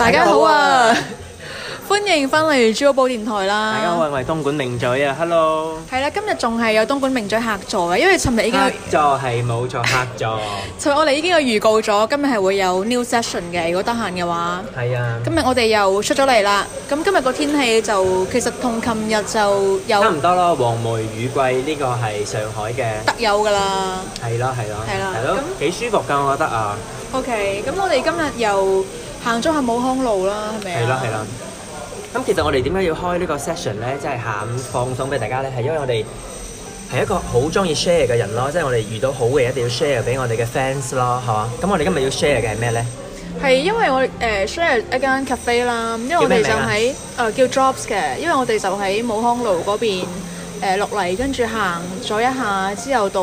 大家好啊！歡迎翻嚟豬寶電台啦！大家好，我係東莞名嘴啊，Hello！係啦，今日仲係有東莞名嘴客座啊，因為尋日應該客座係冇錯，客座。尋日我哋已經有預告咗，今日係會有 new session 嘅。如果得閒嘅話，係啊，今日我哋又出咗嚟啦。咁今日個天氣就其實同琴日就有差唔多咯。黃梅雨季呢個係上海嘅特有噶啦，係咯係咯，係啦，係咯，幾舒服噶我覺得啊。OK，咁我哋今日又行咗下武康路啦，係咪啊？係啦係啦。咁其實我哋點解要開個呢個 session 咧？即係下午放鬆俾大家咧，係因為我哋係一個好中意 share 嘅人咯。即係我哋遇到好嘅一定要 share 俾我哋嘅 fans 咯，係嘛。咁我哋今日要 share 嘅係咩咧？係因為我誒、呃、share 一間 cafe 啦，因為我哋就喺誒叫 Drops 嘅、呃，因為我哋就喺武康路嗰邊誒落嚟，跟住行咗一下之後到。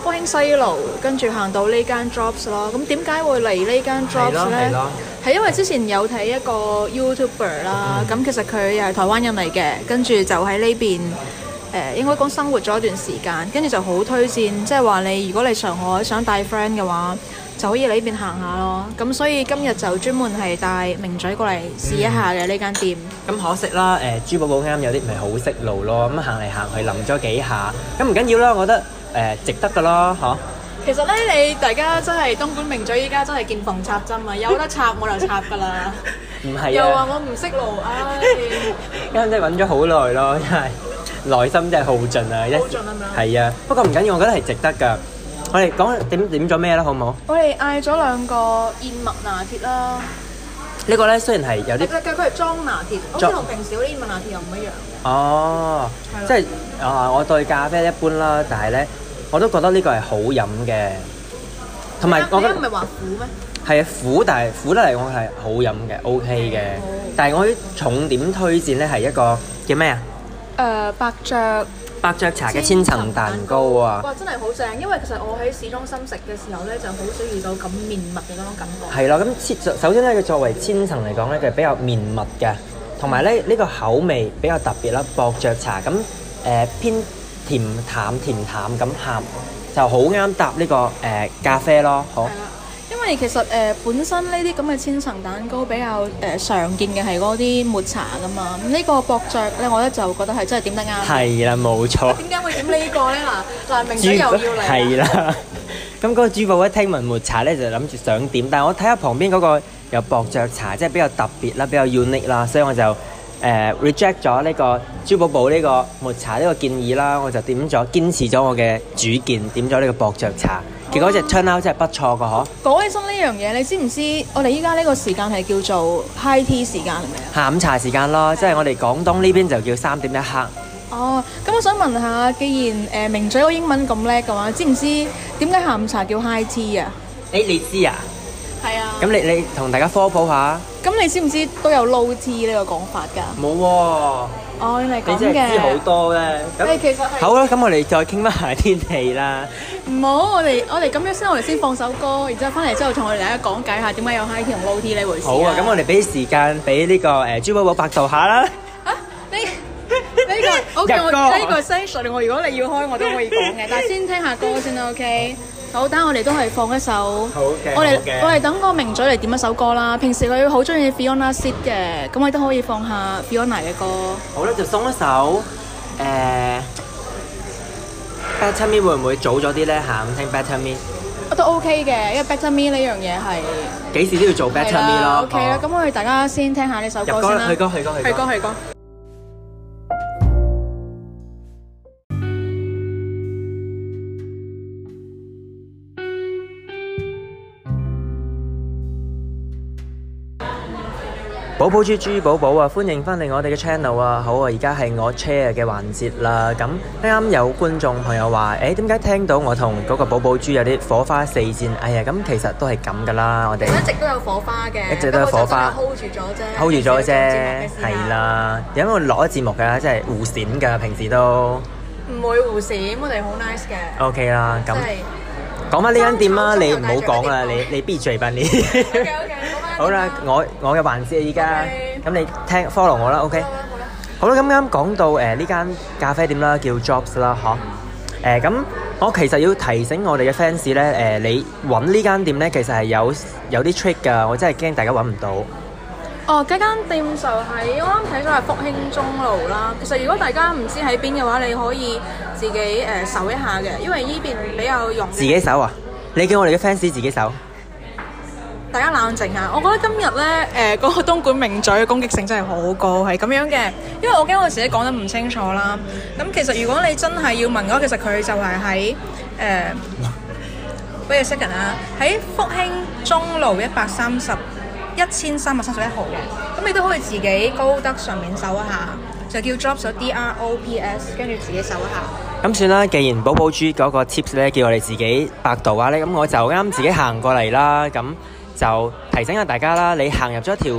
復興西路，跟住行到呢間 Drops 咯。咁點解會嚟呢間 Drops 咧？係因為之前有睇一個 YouTuber 啦、嗯。咁其實佢又係台灣人嚟嘅，跟住就喺呢邊誒、呃，應該講生活咗一段時間。跟住就好推薦，即係話你如果嚟上海想帶 friend 嘅話，就可以嚟呢邊行下咯。咁、嗯、所以今日就專門係帶名嘴過嚟試一下嘅呢、嗯、間店。咁、嗯、可惜啦，誒、呃、豬寶寶啱有啲唔係好識路咯。咁行嚟行去諗咗幾下，咁唔緊要啦，我覺得。誒，值得噶咯，吓！其實咧，你大家真係東莞名嘴，依家真係見縫插針啊！有得插我就插噶啦，唔係又話我唔識路，唉！咁真係揾咗好耐咯，真係內心真係好盡啊！好盡啊嘛！係啊，不過唔緊要，我覺得係值得噶。我哋講點點咗咩啦，好唔好？我哋嗌咗兩個燕麥拿鐵啦。呢個咧雖然係有啲，佢佢係裝拿鐵，好似同平時嗰啲燕麥拿鐵又唔一樣。哦，即係啊！我對咖啡一般啦，但係咧。我都覺得呢個係好飲嘅，同埋我覺得唔係話苦咩？係啊，苦，但係苦得嚟我係好飲嘅，OK 嘅。但係我啲重點推薦咧係一個叫咩啊？誒，伯爵伯爵茶嘅千層蛋糕啊！哇，真係好正！因為其實我喺市中心食嘅時候咧，就好少遇到咁綿密嘅嗰種感覺。係咯，咁先首先咧，佢作為千層嚟講咧，佢係比較綿密嘅，同埋咧呢個口味比較特別啦。伯爵茶咁誒偏。甜淡甜淡咁鹹，就好啱搭呢個誒咖啡咯，好。因為其實誒、呃、本身呢啲咁嘅千層蛋糕比較誒常見嘅係嗰啲抹茶噶嘛，咁、這、呢個伯爵咧，我咧就覺得係真係點得啱。係啦、啊，冇錯。點解會點個呢個咧？嗱嗱，明姐又要嚟。係啦是、啊，咁 嗰是、啊、 個主播一聽聞抹茶咧，就諗住想點，但係我睇下旁邊嗰個又伯爵茶，即、就、係、是、比較特別啦，比較 unique 啦，所以我就。誒、uh, reject 咗呢個朱寶寶呢個抹茶呢個建議啦，我就點咗堅持咗我嘅主見，點咗呢個伯爵茶。結果一隻吞啊，真係不錯嘅呵。講起身呢樣嘢，你知唔知我哋依家呢個時間係係叫做 high tea 時間咪啊？下午茶時間咯，的即係我哋廣東呢邊就叫三點一刻。哦、啊，咁我想問下，既然誒名、呃、嘴個英文咁叻嘅話，知唔知點解下午茶叫 high tea 啊？誒，你知啊？咁你你同大家科普下？咁你知唔知都有 low T 呢個講法噶？冇喎。哦，原來咁嘅。你真係知好多咧。誒，其實好啦，咁我哋再傾翻下天氣啦。唔好，我哋我哋咁樣先，我哋先放首歌，然之後翻嚟之後同我哋大家講解下點解有 high T 同 low T 呢回事。好啊，咁我哋俾時間俾呢個誒，豬寶寶百度下啦。啊？呢呢、這個？O K，我呢、這個 ation, 我，如果你要開我都可以講嘅， 但係先聽下歌先啦，O K。Okay? 好，等我哋都係放一首，我哋我哋等個名嘴嚟點一首歌啦。平時佢好中意 Fiona Sit 嘅，咁我哋都可以放下 Fiona 嘅歌。好啦，就送一首誒，Better Me 會唔會早咗啲咧下午聽 Better Me，我都 OK 嘅，因為 Better Me 呢樣嘢係幾時都要做 Better Me 咯。OK 啦，咁我哋大家先聽下呢首歌先啦。去歌去歌去歌去歌。寶寶豬豬寶寶啊，歡迎翻嚟我哋嘅 channel 啊！好啊，而家係我 share 嘅環節啦。咁啱有觀眾朋友話，誒、哎，點解聽到我同嗰個寶寶豬有啲火花四濺？哎呀，咁其實都係咁噶啦，我哋一直都有火花嘅，一直都有火花，hold 住咗啫，hold 住咗啫，係啦，因為錄咗節目噶，即係互閃噶，平時都唔會互閃，我哋好 nice 嘅。OK 啦，咁講翻呢間店啦，啊，你唔好講啦，你你閉嘴吧你。Okay, okay. 好啦，我我嘅環節依家，咁你聽 follow 我啦，OK？好啦，咁啱講到誒呢間咖啡店啦，叫 Jobs 啦，吓、誒咁我其實要提醒我哋嘅 fans 咧，誒你搵呢間店咧，其實係有有啲 trick 噶，我真係驚大家搵唔到。哦，呢間店就係我啱睇咗係復興中路啦。其實如果大家唔知喺邊嘅話，你可以自己誒搜一下嘅，因為呢邊比較容易。自己搜啊？你叫我哋嘅 fans 自己搜？大家冷靜下，我覺得今日呢誒嗰、呃那個東莞名嘴嘅攻擊性真係好高，係咁樣嘅。因為我驚我自己講得唔清楚啦。咁其實如果你真係要問嘅話，其實佢就係喺誒，不要 second 啦，喺 福興中路一百三十一千三百三十一號嘅。咁你都可以自己高德上面搜一下，就叫 drops，D R O P S，跟住自己搜一下。咁算啦，既然寶寶豬嗰個 tips 咧，叫我哋自己百度啊咧，咁我就啱自己行過嚟啦。咁就提醒下大家啦，你行入咗一條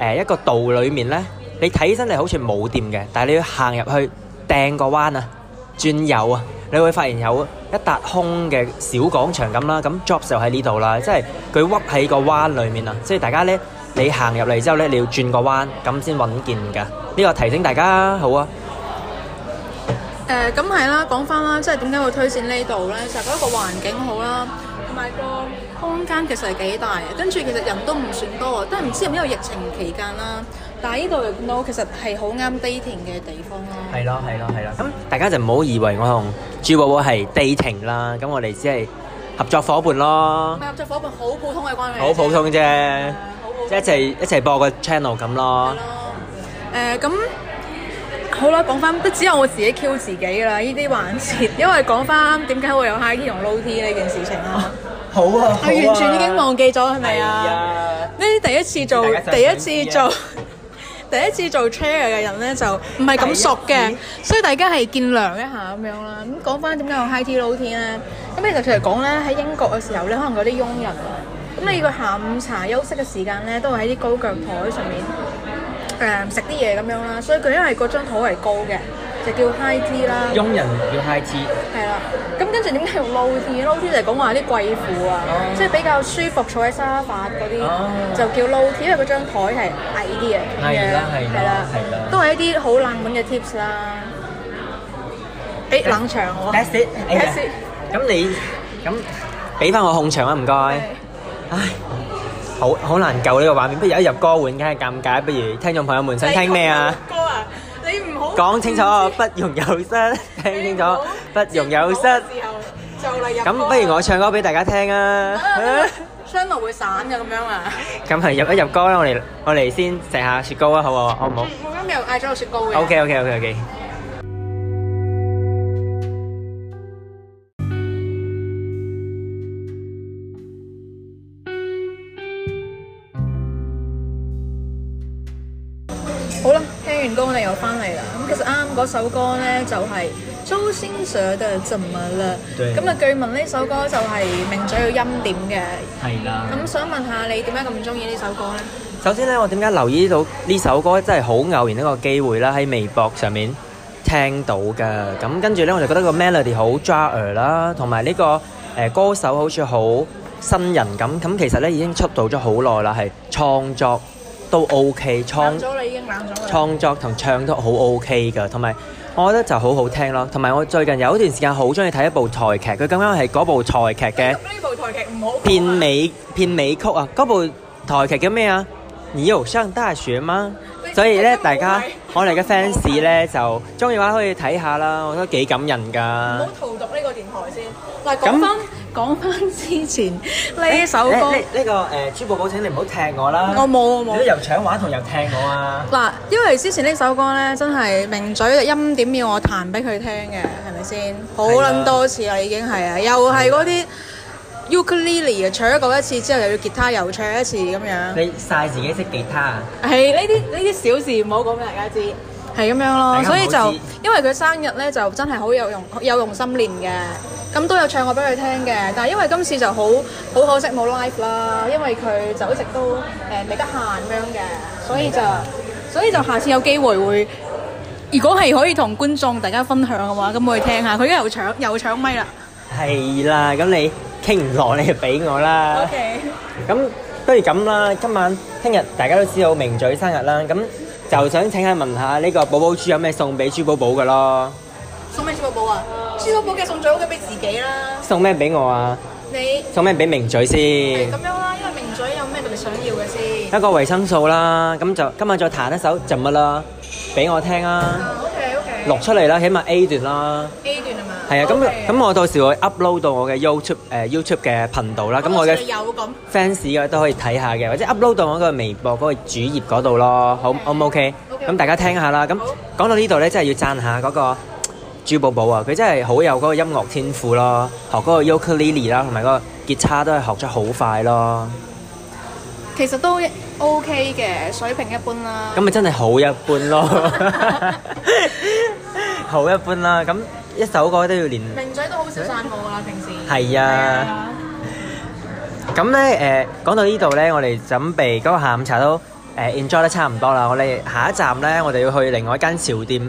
誒一個道裏面咧，你睇起身你好似冇掂嘅，但係你要行入去掟個彎啊，轉右啊，你會發現有一笪空嘅小廣場咁啦，咁 job 就喺呢度啦，即係佢屈喺個彎裏面啊，所以大家咧你行入嚟之後咧，你要轉個彎咁先揾見噶，呢個提醒大家好啊。誒，咁係啦，講翻啦，即係點解會推薦呢度咧？就係覺得個環境好啦。埋個空間其實係幾大，跟住其實人都唔算多啊，都係唔知唔知個疫情期間啦。但係呢度又見到其實係好啱 dating 嘅地方啦。係咯，係咯，係咯。咁大家就唔好以為我同朱寶寶係 dating 啦，咁我哋只係合作伙伴咯。合作伙伴好普通嘅關係，好普通啫，一齊一齊播個 channel 咁咯。誒，咁好啦，講翻都只有我自己 cue 自己啦。呢啲環節，因為講翻點解會有 high tea 同 low tea 呢件事情啦。好啊！我、啊、完全已經忘記咗，係咪啊？呢、哎、呀第一次做，第一次做， 第一次做 chair 嘅人咧，就唔係咁熟嘅，所以大家係見諒一下咁樣啦。咁講翻點解用 high tea low tea 咧？咁其實佢嚟講咧，喺英國嘅時候咧，你可能有啲傭人啊，咁，你個下午茶休息嘅時間咧，都會喺啲高腳台上面誒食啲嘢咁樣啦。所以佢因為嗰張台係高嘅。就叫 high tea 啦，傭人叫 high tea。係啦，咁跟住點解用 low tea？low tea 就係講話啲貴婦啊，即係比較舒服坐喺沙發嗰啲，就叫 low tea，因為嗰張台係矮啲嘅。係啦，係啦，都係一啲好冷門嘅 tips 啦。誒，冷場喎。That's it，That's it。咁你咁俾翻我控場啊，唔該。唉，好好難救呢個畫面。不如一入歌壇梗係尷尬，不如聽眾朋友們想聽咩啊？講清楚，不容有失。聽清楚，不容有失。咁不如我唱歌俾大家聽啊！雙龍會散嘅咁樣啊。咁係入一入歌啦，我嚟我嚟先食下雪糕啊，好唔好？我今日嗌咗個雪糕嘅。OK OK OK OK 嗰首歌呢，就係、是《周星 o s i n g 的 melody》，咁啊據聞呢首歌就係名嘴嘅音點嘅。係啦的。咁想問下你點解咁中意呢首歌呢？首先呢，我點解留意到呢首歌，真係好偶然一個機會啦，喺微博上面聽到嘅。咁跟住呢，我就覺得個 melody 好抓耳啦、這個，同埋呢個誒歌手好似好新人咁。咁其實呢，已經出道咗好耐啦，係創作。都 OK，創作同創作同唱都好 OK 㗎，同埋我覺得就好好聽咯。同埋我最近有一段時間好中意睇一部台劇，佢咁樣係嗰部台劇嘅。呢部台劇唔好，片尾片尾曲啊，嗰部台劇叫咩啊？《爾虞生大雪》嗎？所以咧，大家我哋嘅 fans 咧就中意嘅話可以睇下啦，我覺得幾感人㗎。唔好逃讀呢個電台先。咁。講翻之前呢、欸、首歌，呢呢、欸這個誒豬寶寶請你唔好踢我啦！我冇，我冇，你又搶玩同又踢我啊！嗱，因為之前呢首歌咧，真係名嘴嘅音點要我彈俾佢聽嘅，係咪先？啊、好撚多次啦，已經係啊！又係嗰啲 ukulele 唱一個一次之後又要吉他又唱一次咁樣。你晒自己識吉他啊？係呢啲呢啲小事唔好講俾大家知，係咁樣咯。所以就因為佢生日咧，就真係好有用有用心練嘅。咁都有唱過俾佢聽嘅，但係因為今次就好好可惜冇 live 啦，因為佢就一直都誒未、呃、得閒咁樣嘅，所以就的所以就下次有機會會，如果係可以同觀眾大家分享嘅話，咁我去聽下，佢而家又搶又搶咪啦。係啦，咁你傾唔落，你就俾我啦。O K。咁不如咁啦，今晚聽日大家都知道名嘴生日啦，咁就想請下問下呢個寶寶豬有咩送俾豬寶寶噶咯？豬寶寶送最好嘅俾自己啦，送咩俾我啊？你送咩俾名嘴先？咁樣啦，因為名嘴有咩特別想要嘅先？一個維生素啦，咁就今日再彈一首就乜啦，俾我聽啊！O K O K，錄出嚟啦，起碼 A 段啦。A 段啊嘛？係啊，咁咁我到時會 upload 到我嘅 YouTube 誒 YouTube 嘅頻道啦，咁我嘅 fans 嘅都可以睇下嘅，或者 upload 到我個微博嗰個主頁嗰度咯，好 O 唔 OK？咁大家聽下啦，咁講到呢度咧，真係要讚下嗰個。朱寶寶啊，佢真係好有嗰個音樂天賦咯，學嗰個尤克里里啦，同埋嗰個吉他都係學咗好快咯。其實都 OK 嘅，水平一般啦。咁咪真係好一般咯，好一般啦。咁一首歌都要練，名嘴都好少散步噶啦，平時。係啊。咁咧誒，講到呢度咧，我哋準備嗰個下午茶都誒 enjoy 得差唔多啦。我哋下一站咧，我哋要去另外一間潮店。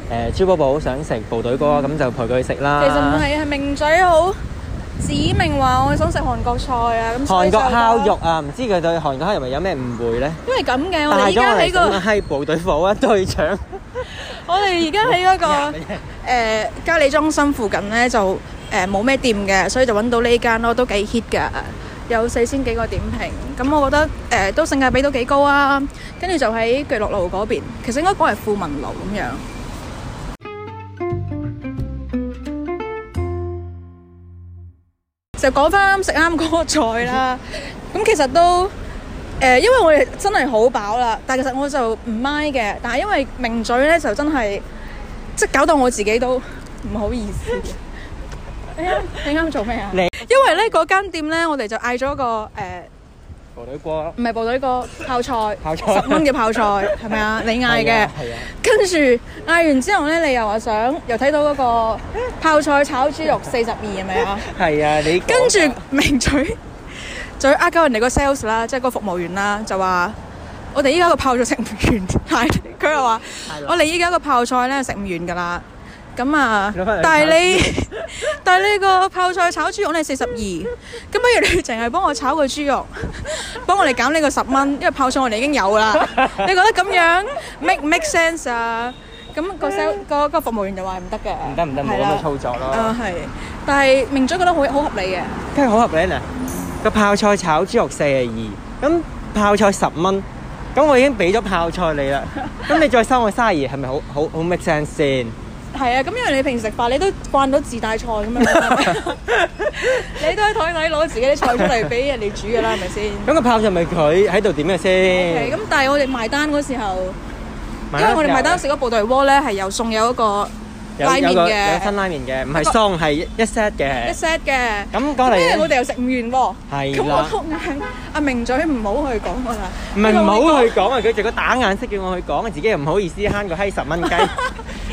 誒豬寶寶想食部隊鍋，咁就陪佢食啦。其實唔係係名嘴好指明話，我想食韓國菜啊。韓國烤肉啊，唔知佢對韓國人係咪有咩誤會咧？因為咁嘅，我哋依家喺個係部隊府啊，隊長。我哋而家喺嗰個誒嘉里中心附近咧，就誒冇咩店嘅，所以就揾到呢間咯，都幾 hit 㗎，有四千幾個點評。咁我覺得誒都性價比都幾高啊。跟住就喺巨鹿路嗰邊，其實應該講係富民路咁樣。就講翻食啱嗰個菜啦，咁其實都誒、呃，因為我哋真係好飽啦，但其實我就唔咪嘅，但係因為名嘴咧就真係即係搞到我自己都唔好意思、 哎。哎呀，你啱做咩啊？你因為咧嗰間店咧，我哋就嗌咗個誒。呃。部隊鍋唔係部隊鍋，泡菜， 十蚊嘅泡菜係咪 啊？你嗌嘅，跟住嗌完之後咧，你又話想又睇到嗰個泡菜炒豬肉四十二係咪啊？係 啊，你啊跟住名嘴，就呃鳩人哋個 sales 啦，即係個服務員啦，就話我哋依家個泡菜食唔完，佢 又話說 我哋依家個泡菜咧食唔完噶啦。咁啊，但係你 但係你個泡菜炒豬肉你係四十二，咁不如你淨係幫我炒個豬肉，幫我哋減呢個十蚊，因為泡菜我哋已經有噶啦。 你覺得咁樣 make make sense 啊？咁個 個個服務員就話唔得嘅，唔得唔得冇咁嘅操作咯。啊係，但係明珠覺得好好合理嘅，跟住好合理咧、啊。個泡菜炒豬肉四十二，咁泡菜十蚊，咁我已經俾咗泡菜你啦，咁你再收我卅二，係咪 好好好 make sense 先？係啊，咁因為你平時食飯你都慣到自帶菜咁樣，你都喺台底攞自己啲菜出嚟俾人哋煮噶啦，係咪先？咁個炮就咪佢喺度點嘅先？咁但係我哋埋單嗰時候，因為我哋埋單食咗部隊鍋咧，係又送有一個拉麵嘅，有新拉麵嘅，唔係送係一 set 嘅。一 set 嘅咁，嗰嚟我哋又食唔完喎。係咁，我嗌阿名嘴唔好去講噶啦。唔係唔好去講啊！佢仲要打眼色叫我去講，自己又唔好意思慳個閪十蚊雞。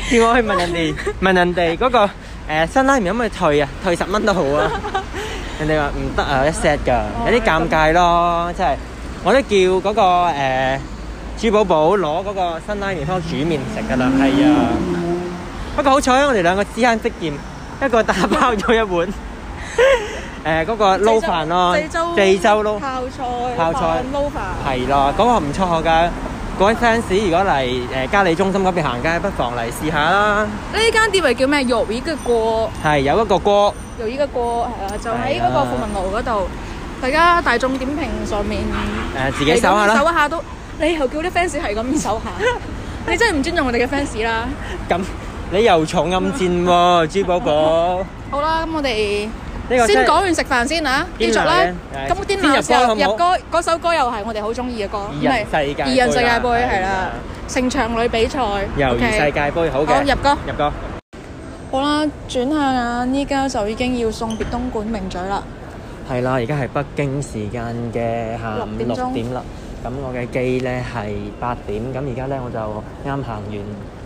叫我去問人哋，問人哋嗰個誒辛拉麵有冇得退啊？退十蚊都好啊！人哋話唔得啊，一 set 嘅，有啲尷尬咯。即係我都叫嗰個誒朱寶寶攞嗰個辛拉麵翻煮麵食㗎啦，係啊。不過好彩我哋兩個之兄弟兼一個打包咗一碗誒嗰個撈飯咯，四州滯州撈泡菜，泡菜撈飯係咯，嗰個唔錯㗎。各位 fans，如果嚟誒嘉里中心嗰邊行街，不妨嚟試下啦。呢間店係叫咩？肉魚嘅鍋。係有一個鍋。肉魚嘅鍋係啊，就喺嗰個富民路嗰度。大家大眾點評上面誒自己搜下啦。搜一下都，你又叫啲 fans 係咁搜下，你真係唔尊重我哋嘅 fans 啦。咁你又重暗戰喎，豬寶寶。好啦，咁我哋。先講完食飯先嚇，繼續啦。咁《天蠍》又入歌，嗰首歌又係我哋好中意嘅歌。二人世界，二人世界杯係啦，成場女比賽。尤二世界杯，好嘅。入歌，入歌。好啦，轉向依家就已經要送別東莞名嘴啦。係啦，而家係北京時間嘅下午六點啦。咁我嘅機咧係八點，咁而家咧我就啱行完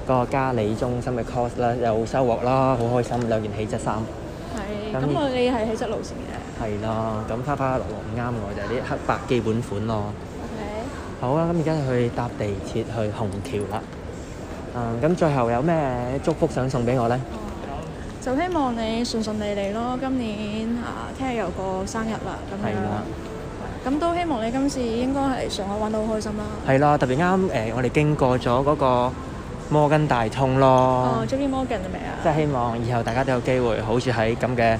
嗰個嘉里中心嘅 course 啦，有收穫啦，好開心，兩件氣質衫。咁我你係喺質路線嘅，係咯。咁花花綠綠唔啱我，就係啲黑白基本款咯。OK。好啊，咁而家去搭地鐵去虹橋啦。啊，咁最後有咩祝福想送俾我咧？哦，就希望你順順利利咯。今年啊，聽日又過生日啦，咁樣。係啦。咁都希望你今次應該係上海玩到好開心啦。係啦，特別啱誒，我哋經過咗嗰個。摩根大通咯，哦，join Morgan 啦，未啊？即係希望以後大家都有機會，好似喺咁嘅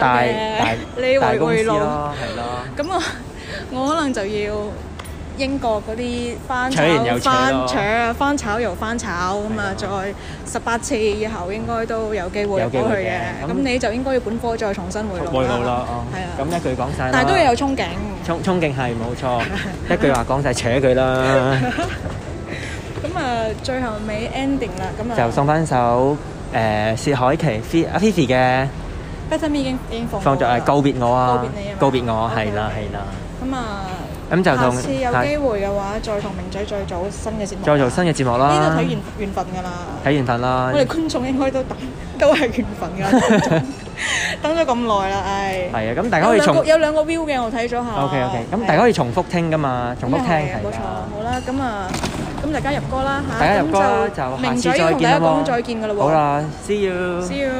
大大大公司咯，係咯。咁我我可能就要英國嗰啲翻炒翻炒啊，翻炒又翻炒咁啊，再十八次以後應該都有機會入到去嘅。咁你就應該要本科再重新回錄咯，係啊。咁一句講曬，但係都要有衝勁。衝衝勁係冇錯，一句話講晒扯佢啦。咁啊，最後尾 ending 啦，咁啊就送翻首誒薛凱琪阿菲兒嘅《不身邊》已經放，放咗係告別我啊，告別你啊，告別我，係啦係啦。咁啊，咁就下次有機會嘅話，再同明仔再做新嘅節目，再做新嘅節目啦，呢個睇完緣分噶啦，睇緣分啦。我哋觀眾應該都等，都係緣分噶，等咗咁耐啦，唉。係啊，咁大家可以重有兩個 view 嘅，我睇咗下。OK OK，咁大家可以重複聽噶嘛，重複聽係冇錯，好啦，咁啊。咁就加入歌啦吓，咁、啊、就明仔同下次再見次再見喎。好啦，see you, see you。